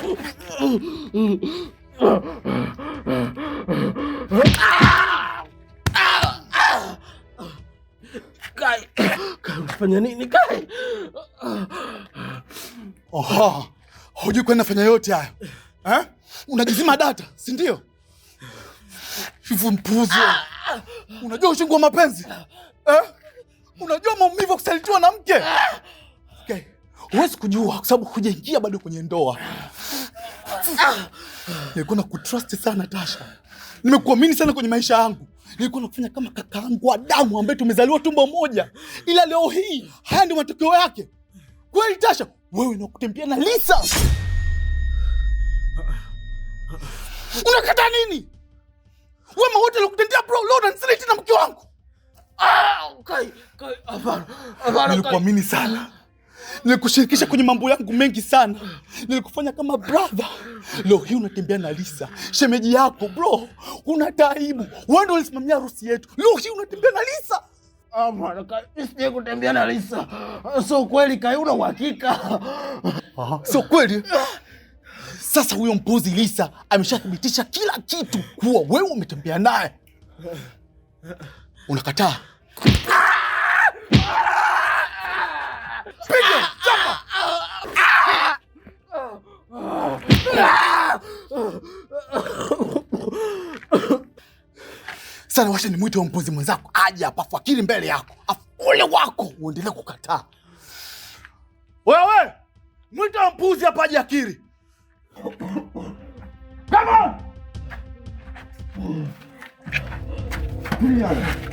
Kai, Kai unafanya nini Kai? Oho, hujui nafanya yote hayo eh? Unajizima data si ndio? Hivu mpuzo, unajua ushingu wa mapenzi eh? Unajua maumivu kusalitiwa na mke huwezi kujua kwa sababu hujaingia bado kwenye ndoa. Nilikuwa kutrust sana Tasha, nimekuamini sana kwenye maisha yangu, nilikuwa nafanya kama kaka yangu wa damu ambaye tumezaliwa tumbo moja, ila leo hii haya ndio matokeo yake. Kweli Tasha, wewe nakutembea na Lisa. Unakata nini? Wema wote alikutendea bro, leo unanisiri na mke wangu. Ah, okay, okay. Hapana, hapana. Nilikuamini sana Nilikushirikisha kwenye mambo yangu mengi sana, nilikufanya kama brother. Leo hii unatembea na Lisa shemeji yako. Bro, una taibu wewe, ndio ulisimamia harusi yetu. Leo hii unatembea na Lisa. Ah, Sije kutembea na Lisa, So kweli. Kai, una uhakika? So kweli. Sasa huyo mpuzi Lisa ameshathibitisha kila kitu kuwa wewe umetembea naye, unakataa Piga! Chapa! Sana washa ni mwite wa mpuzi mwenzako aje hapa fakiri mbele yako. afule wako uendelee kukataa. Wewe mwite wa mpuzi hapa aje akiri. Come on! Brilliant.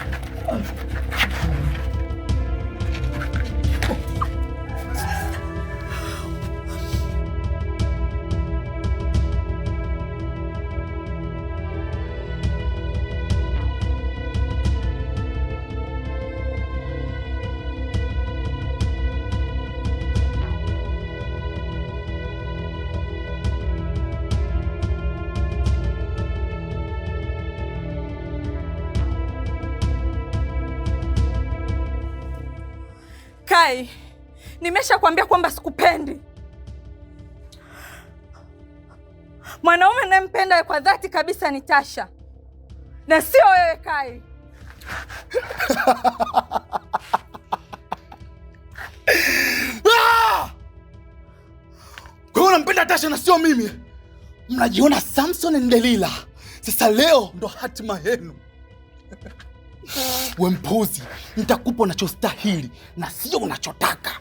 Nimeshakwambia kwamba sikupendi. Mwanaume nayempenda kwa dhati kabisa ni Tasha na sio wewe Kai. Kwa hiyo unampenda Tasha na sio mimi? Mnajiona Samson and Delila. Sasa leo ndo hatima yenu. wempuzi mpuzi, nitakupa unachostahili na sio unachotaka.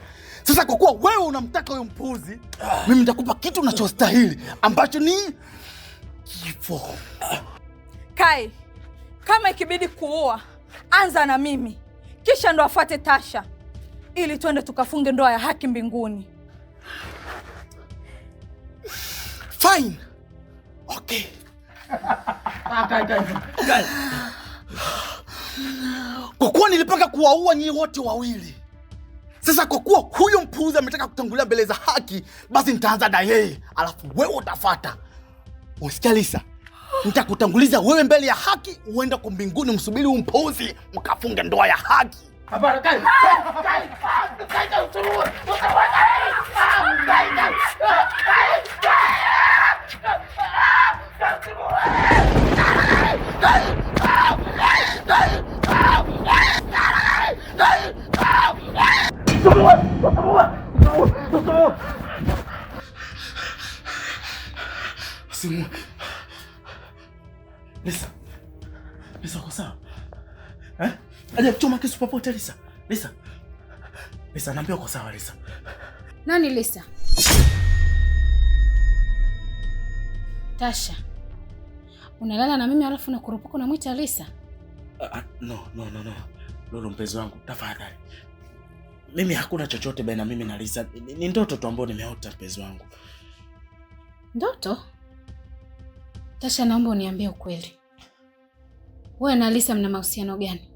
Sasa kwa kuwa wewe unamtaka huyo mpuzi, mimi nitakupa kitu unachostahili ambacho ni kifo. Kai, kama ikibidi kuua, anza na mimi, kisha ndo afuate Tasha ili twende tukafunge ndoa ya haki mbinguni. Fine. Okay. Kwa kuwa nilipanga kuwaua nyinyi wote wawili sasa kwa kuwa huyo mpuuzi ametaka kutangulia mbele za haki, basi nitaanza na yeye, alafu wewe utafata. Usikia Lisa, nitakutanguliza wewe mbele ya haki, uenda kwa mbinguni msubiri mpuuzi mkafunge ndoa ya haki. Tusumbue, Lisa. Lisa uko sawa? Eh? Aje kuchoma kisu popote Lisa. Lisa. Lisa naambia uko sawa Lisa. Nani Lisa? Tasha. Unalala na mimi alafu nakurupuka unamwita Lisa? Uh, no, no, no, no. Lolo mpenzi wangu, tafadhali mimi hakuna chochote baina mimi na Lisa, ni ndoto tu ambayo nimeota mpenzi wangu. Ndoto? Tasha, naomba uniambie ukweli, wewe na Lisa mna mahusiano gani?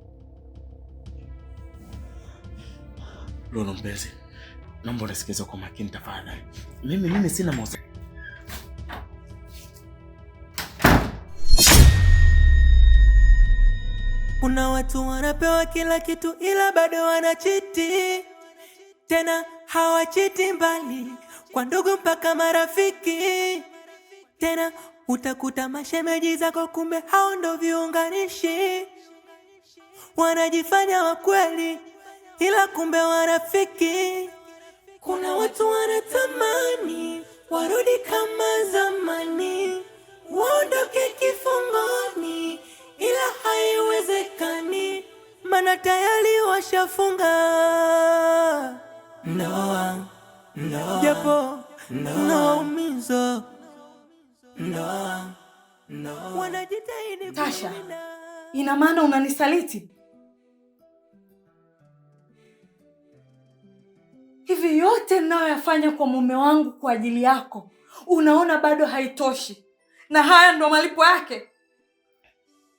Lolo mpenzi, naomba unisikilize kwa makini tafadhali. Mimi mimi sina mahusiano Kuna watu wanapewa kila kitu ila bado wanachiti tena hawachiti mbali, kwa ndugu mpaka marafiki. Tena utakuta mashemeji zako, kumbe hao ndo viunganishi, wanajifanya wakweli, ila kumbe warafiki Kuna watu wanatamani warudi kama zamani, waondoke kifungoni, ila haiwezekani, mana tayari washafunga japo wanajitahidi. Tasha, ina maana unanisaliti hivi? Yote ninayoyafanya kwa mume wangu kwa ajili yako unaona bado haitoshi, na haya ndo malipo yake?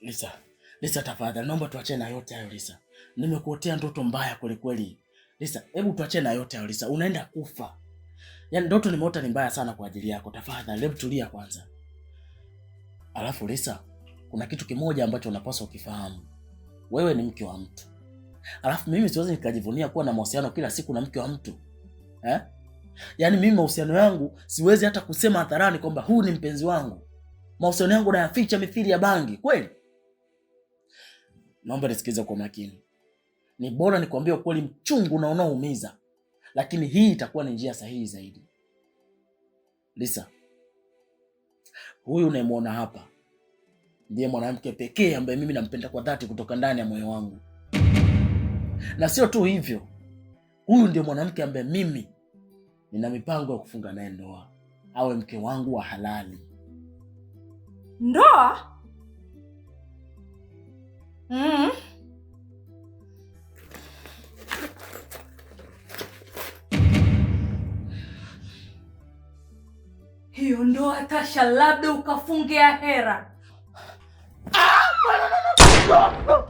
Lisa, Lisa tafadhali, naomba tuachane na yote hayo Lisa. Nimekuotea ndoto mbaya kwelikweli. Lisa, hebu tuache na yote hayo Lisa, unaenda kufa. Yaani ndoto nimeota ni mbaya sana kwa ajili yako. Tafadhali hebu tulia kwanza. Alafu Lisa, kuna kitu kimoja ambacho unapaswa ukifahamu. Wewe ni mke wa mtu. Alafu mimi siwezi nikajivunia kuwa na mahusiano kila siku na mke wa mtu. Eh? Yaani mimi mahusiano yangu siwezi hata kusema hadharani kwamba huu ni mpenzi wangu. Mahusiano yangu nayaficha mithili ya bangi, kweli? Naomba nisikize kwa makini. Ni bora nikuambia ukweli mchungu na unaoumiza, lakini hii itakuwa ni njia sahihi zaidi. Lisa, huyu unayemwona hapa ndiye mwanamke pekee ambaye mimi nampenda kwa dhati kutoka ndani ya moyo wangu, na sio tu hivyo, huyu ndio mwanamke ambaye mimi nina mipango ya kufunga naye ndoa, awe mke wangu wa halali. Ndoa? mm. kuiondoa Tasha, labda ukafunge hera Ah!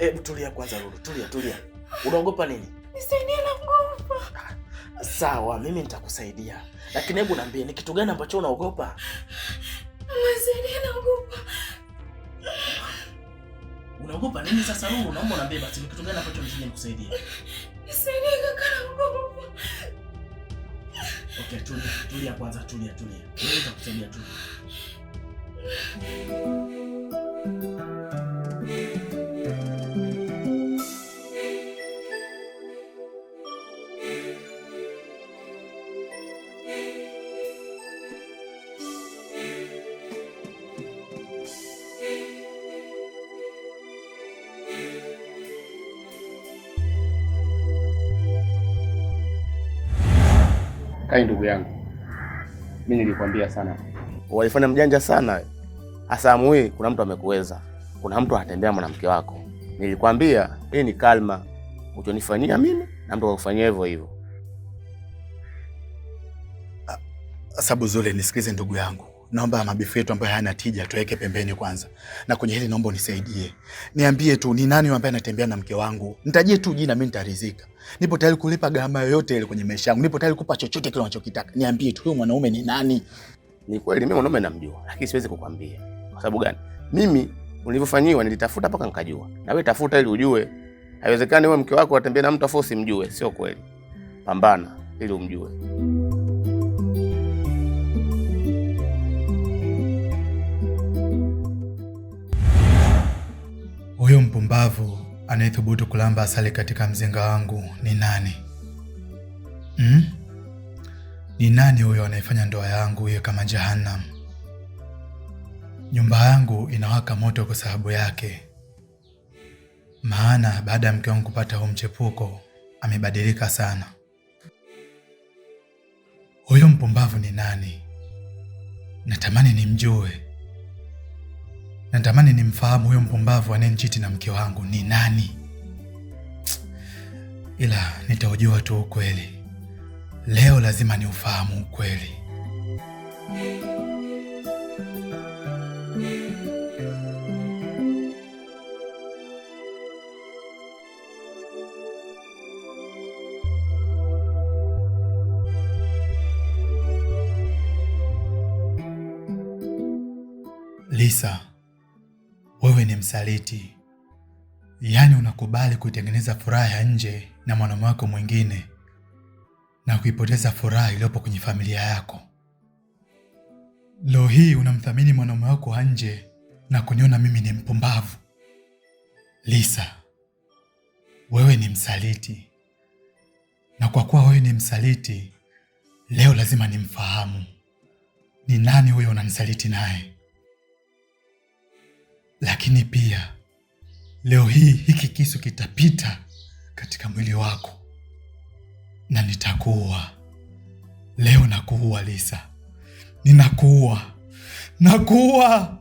e, tulia kwanza Lulu, tulia tulia. Unaogopa nini? Nisaidie na naogopa. Sawa, mimi nitakusaidia. Lakini hebu niambie ni kitu gani ambacho unaogopa? Nisaidie na naogopa. Unaogopa nini sasa Lulu? Naomba niambie basi ni kitu gani ambacho nisije nikusaidia. Nisaidie kaka naogopa. Okay, tulia, tulia kwanza, tulia tulia. Mimi nitakusaidia tu. Kai ndugu yangu, mi nilikwambia sana, walifanya mjanja sana. Asamu hii kuna mtu amekuweza, kuna mtu anatembea mwanamke wako. Nilikwambia hii ni kalma, utonifanyia mimi na mtu akufanyia hivyo hivyo. Sabu Zule, nisikize ndugu yangu naomba mabifu yetu ambayo hayana tija tuweke pembeni kwanza, na kwenye hili naomba unisaidie, niambie tu ni nani ambaye anatembea na mke wangu. Nitajie tu jina, mimi nitaridhika. Nipo tayari kulipa gharama yoyote ile kwenye maisha yangu, nipo tayari kupa chochote kile unachokitaka. Niambie tu huyo mwanaume ni nani. Ni kweli mimi mwanaume namjua, lakini siwezi kukwambia. Kwa sababu gani? Mimi ulivyofanyiwa nilitafuta mpaka nikajua, na wewe tafuta ili ujue. Haiwezekani wewe mke wako atembee na mtu afosi mjue, sio kweli. Pambana ili umjue. Huyo mpumbavu anayethubutu kulamba asali katika mzinga wangu ni nani? Hmm? Ni nani huyo anayefanya ndoa yangu iwe kama jahannam Nyumba yangu inawaka moto kwa sababu yake, maana baada ya mke wangu kupata huu mchepuko amebadilika sana. Huyo mpumbavu ni nani? Natamani nimjue natamani nimfahamu huyo mpumbavu anayenichiti na mke wangu ni nani, ila nitaujua tu ukweli leo. Lazima niufahamu ukweli. Lisa wewe ni msaliti, yaani unakubali kuitengeneza furaha ya nje na mwanaume wako mwingine na kuipoteza furaha iliyopo kwenye familia yako. Leo hii unamthamini mwanaume wako wa nje na kuniona mimi ni mpumbavu. Lisa, wewe ni msaliti, na kwa kuwa wewe ni msaliti, leo lazima nimfahamu ni nani huyo unamsaliti naye lakini pia leo hii hiki kisu kitapita katika mwili wako na nitakuua leo. Nakuua Lisa, ninakuua, nakuua.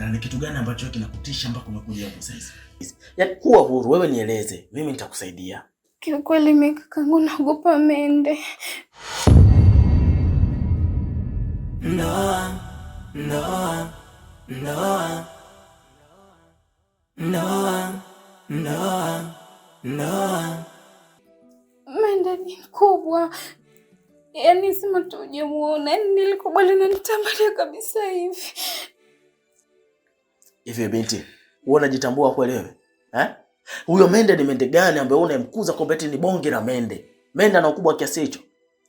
na ni kitu gani ambacho kinakutisha mpaka umekuja hapo sasa? Yaani kuwa huru wewe, nieleze mimi nitakusaidia. Kiukweli mimi kakangu naogopa mende. Ndoa, ndoa, ndoa, ndoa, ndoa, ndoa. Mende ni mkubwa, yaani sema tujemuona, yaani nilikubali na nitambalia kabisa hivi Hivi binti, wewe unajitambua kweli wewe? Eh? Huyo mende ni mende gani ambaye unamkuza kwamba eti ni bonge la mende? Mende ana ukubwa kiasi hicho.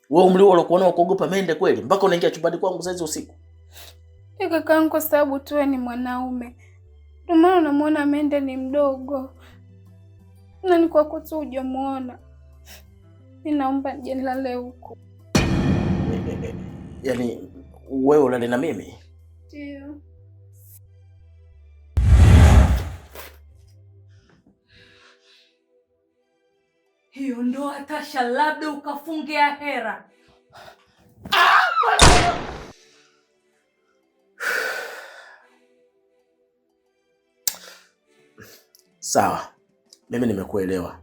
Wewe umri wako unakuona nao mende kweli mpaka unaingia chumbani kwangu saa usiku. Ni kakaangu kwa sababu tu ni mwanaume. Ndio maana unamwona mende ni mdogo. Na ni kwa kutu hujamuona. Ninaomba nje nilale huko. Yaani wewe unalala na mimi? Ndio. hiyo ndoa Tasha, labda ukafungia hera. Ah, sawa, mimi nimekuelewa.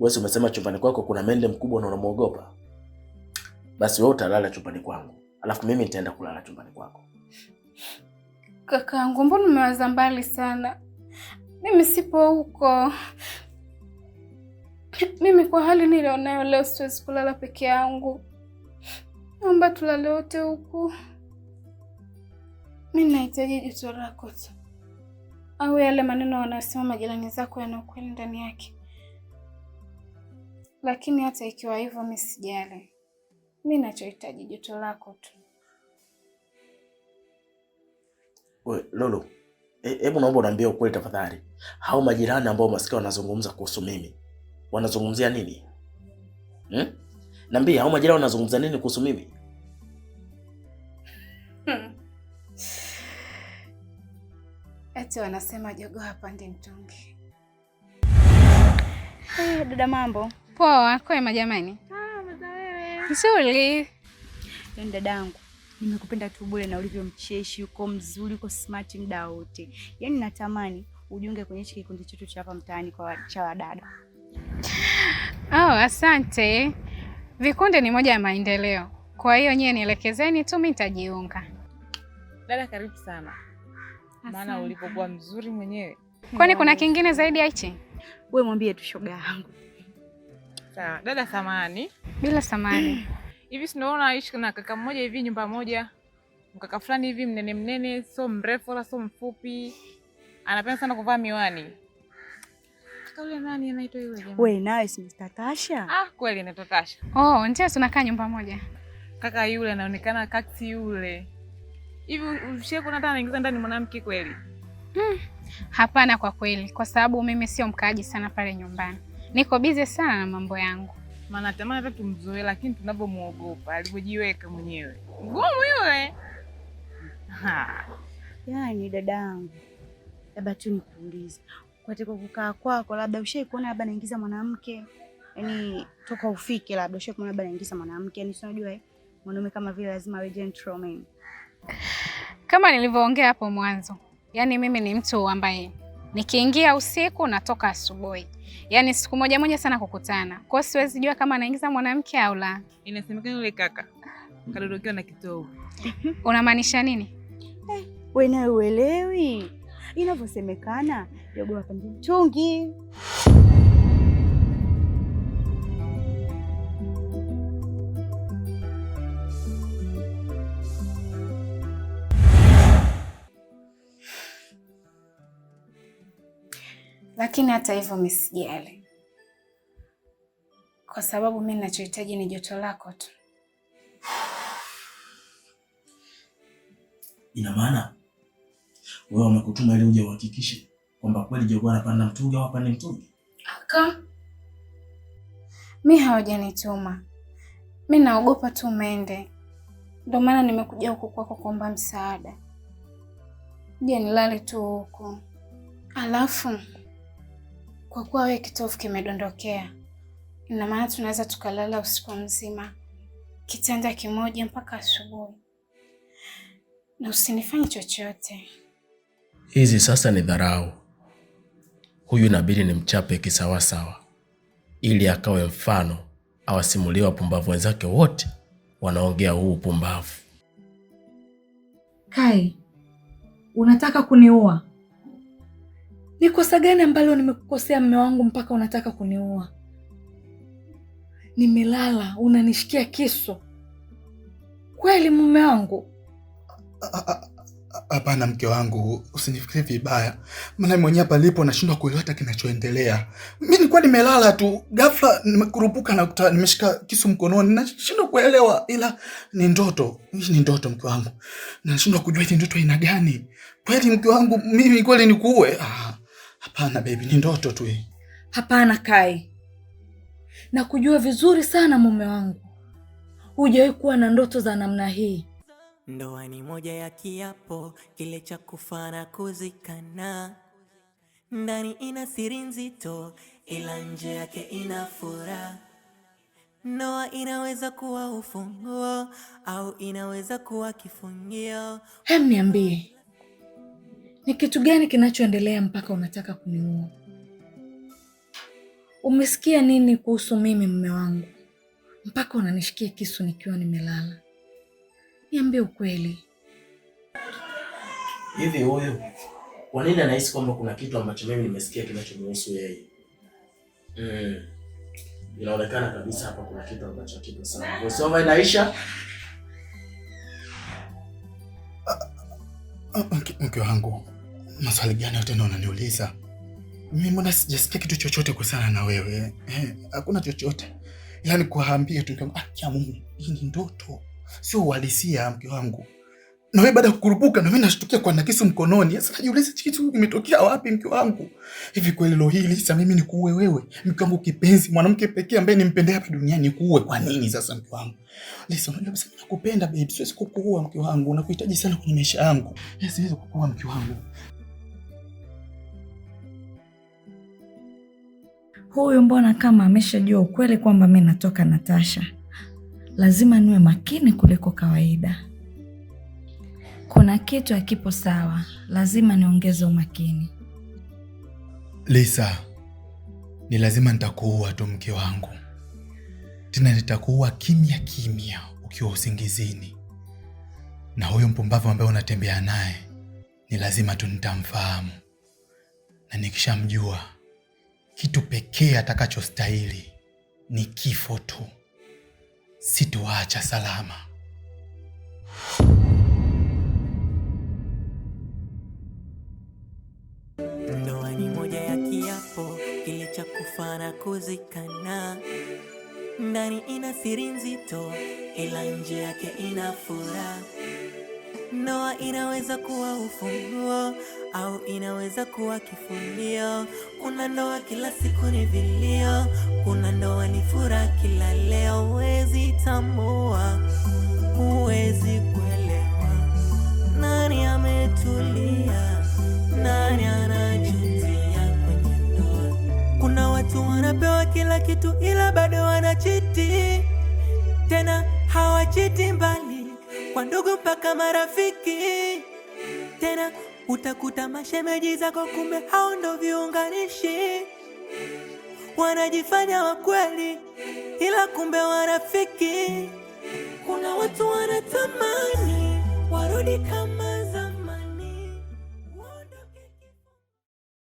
Wewe umesema chumbani kwako kuna mende mkubwa na unamwogopa, basi wewe utalala chumbani kwangu, alafu mimi nitaenda kulala chumbani kwako. Kakaangu, mbona umewaza mbali sana? Mimi sipo huko Mimi kwa hali nilionayo leo siwezi kulala peke yangu, naomba tulale wote huku. Mi nahitaji joto lako tu, au yale maneno wanasema majirani zako yana ukweli ndani yake. Lakini hata ikiwa hivyo, mi sijali. Mi nachohitaji joto lako tu. We Lolo, e-, hebu e, naomba unaambia ukweli tafadhali, hao majirani ambao masikio wanazungumza kuhusu mimi wanazungumzia nini hmm? Nambia hao majirani wanazungumza nini kuhusu mimi? Hmm. Eti wanasema jogoo hapandi mtungi. Hey, eh, dada mambo. Poa, kwema jamani. Ah, Nzuri. Yaani dadangu, nimekupenda tu bure na ulivyo mcheshi, uko mzuri, uko smart muda wote. Yaani natamani ujiunge kwenye kikundi chetu cha hapa mtaani kwa cha wadada. Oh, asante. Vikundi ni moja ya maendeleo, kwa hiyo nyewe nielekezeni tu, mimi nitajiunga. Dada karibu sana, maana ulipokuwa mzuri mwenyewe. Kwani kuna kingine zaidi ya hichi? We mwambie tu shoga yangu. Sawa dada, samani. Bila samani. Hivi sinaona naishi na kaka mmoja hivi nyumba moja, mkaka fulani hivi mnene mnene, so mrefu wala so mfupi, anapenda sana kuvaa miwani kaka yule nani anaitwa yule jamaa? Wewe nawe si Mr. Tasha? Ah, kweli anaitwa Tasha. Oh, tunakaa nyumba moja. Kaka yule anaonekana kati yule. Hivi kuna hata anaingiza ndani mwanamke kweli? Hmm. Hapana kwa kweli, kwa sababu mimi sio mkaaji sana pale nyumbani. Niko busy sana na mambo yangu. Maana tamani hata tumzoe lakini tunavyomuogopa alivyojiweka mwenyewe. Ngumu yule. Ha. Yaani dadangu. Labda tu nikuulize katika kukaa kwako, labda ushai kuona labda naingiza mwanamke yani toka ufike, labda ushai kuona labda naingiza mwanamke yani, unajua eh, mwanaume kama vile lazima awe gentleman. Kama nilivyoongea hapo mwanzo, yani mimi ni mtu ambaye nikiingia usiku natoka asubuhi, yani siku moja moja sana kukutana kwao, siwezi jua kama anaingiza mwanamke au la. Inasemekana yule kaka kadodokiwa na kitovu. Unamaanisha nini? Eh, wewe nawe uelewi inavyosemekana, yogoa pande mchungi. Lakini hata hivyo misijali, kwa sababu mi ninachohitaji ni joto lako tu. Ina maana wewe umekutuma ili uje uhakikishe kwamba kweli Jogo anapanda mtungi au hapandi mtungi? Aka mi hawajanituma, mi naogopa tu mende, ndio maana nimekuja huku kwako kuomba msaada. Je, nilale tu huku? Alafu kwa kuwa wewe kitovu kimedondokea, ina maana tunaweza tukalala usiku mzima kitanda kimoja mpaka asubuhi, na usinifanye chochote. Hizi sasa ni dharau. Huyu inabidi ni mchape kisawasawa, ili akawe mfano, awasimuliwa pumbavu wenzake wote wanaongea huu upumbavu. Kai, unataka kuniua? Ni kosa gani ambalo nimekukosea mme wangu mpaka unataka kuniua? Nimelala unanishikia kisu kweli, mume wangu? Hapana mke wangu, usinifikirie vibaya, maana mwenyewe hapa lipo nashindwa kuelewa hata kinachoendelea. Mimi nilikuwa nimelala tu, ghafla nimekurupuka na kuta nimeshika kisu mkononi, nashindwa kuelewa, ila ni ndoto. Hii ni ndoto mke wangu, nashindwa kujua hii ndoto ina gani kweli. Mke wangu mimi kweli nikuue? Ah, hapana baby, ni ndoto tu hii. Hapana Kai, nakujua vizuri sana mume wangu, hujawahi kuwa na ndoto za namna hii. Ndoa ni moja ya kiapo kile cha kufa na kuzikana, ndani ina siri nzito, ila nje yake ina furaha. Ndoa inaweza kuwa ufunguo au inaweza kuwa kifungio. Hem, niambie, ni kitu gani kinachoendelea mpaka unataka kuniua? Umesikia nini kuhusu mimi, mume wangu, mpaka unanishikia kisu nikiwa nimelala? Niambie ukweli, hivi huyu kwa nini anahisi kwamba kuna kitu ambacho mimi nimesikia kinachomhusu yeye? Mm. Inaonekana kabisa hapa kuna kitu ambacho kipo sana. Voiceover inaisha. Mke wangu, maswali gani tena unaniuliza? Mimi mbona sijasikia kitu chochote kuhusiana na wewe? Eh, hakuna chochote, yaani kuambia tu. Ah, Mungu, hii ni ndoto sio uhalisia, mke wangu. Na wewe baada ya kukurupuka, na mimi nashtukia kwa nakisu mkononi. Sasa najiuliza kitu kimetokea wapi, mke wangu? Hivi kweli leo hili sasa mimi nikuue wewe, mke wangu kipenzi, mwanamke pekee ambaye nimpendea hapa duniani, nikuue kwa nini sasa, mke wangu? Listen, unajua sasa nakupenda babe, siwezi kukuua mke wangu, nakuhitaji sana kwenye maisha yangu, siwezi kukuua mke wangu. Huyu mbona kama ameshajua ukweli kwamba mimi natoka Natasha lazima niwe makini kuliko kawaida. Kuna kitu hakipo sawa, lazima niongeze umakini. Lisa, ni lazima nitakuua tu mke wangu, tena nitakuua kimya kimya, ukiwa usingizini. Na huyo mpumbavu ambaye unatembea naye ni lazima tu nitamfahamu, na nikishamjua kitu pekee atakachostahili ni kifo tu sitowaacha salama. Ndoa ni moja ya kiapo kilicha kufa na kuzikana. Ndani ina siri nzito, ila nje yake ina furaha. Ndoa inaweza kuwa ufunguo au inaweza kuwa kifulio. Kuna ndoa kila siku ni vilio, kuna ndoa ni furaha kila leo kujitambua, huwezi kuelewa nani ametulia, nani anajutia kwenye ndoa. Kuna watu wanapewa kila kitu, ila bado wanachiti, tena hawachiti mbali, kwa ndugu mpaka marafiki. Tena utakuta mashemeji zako, kumbe hao ndo viunganishi, wanajifanya wakweli ila kumbe warafiki, kuna watu wanatamani warudi kama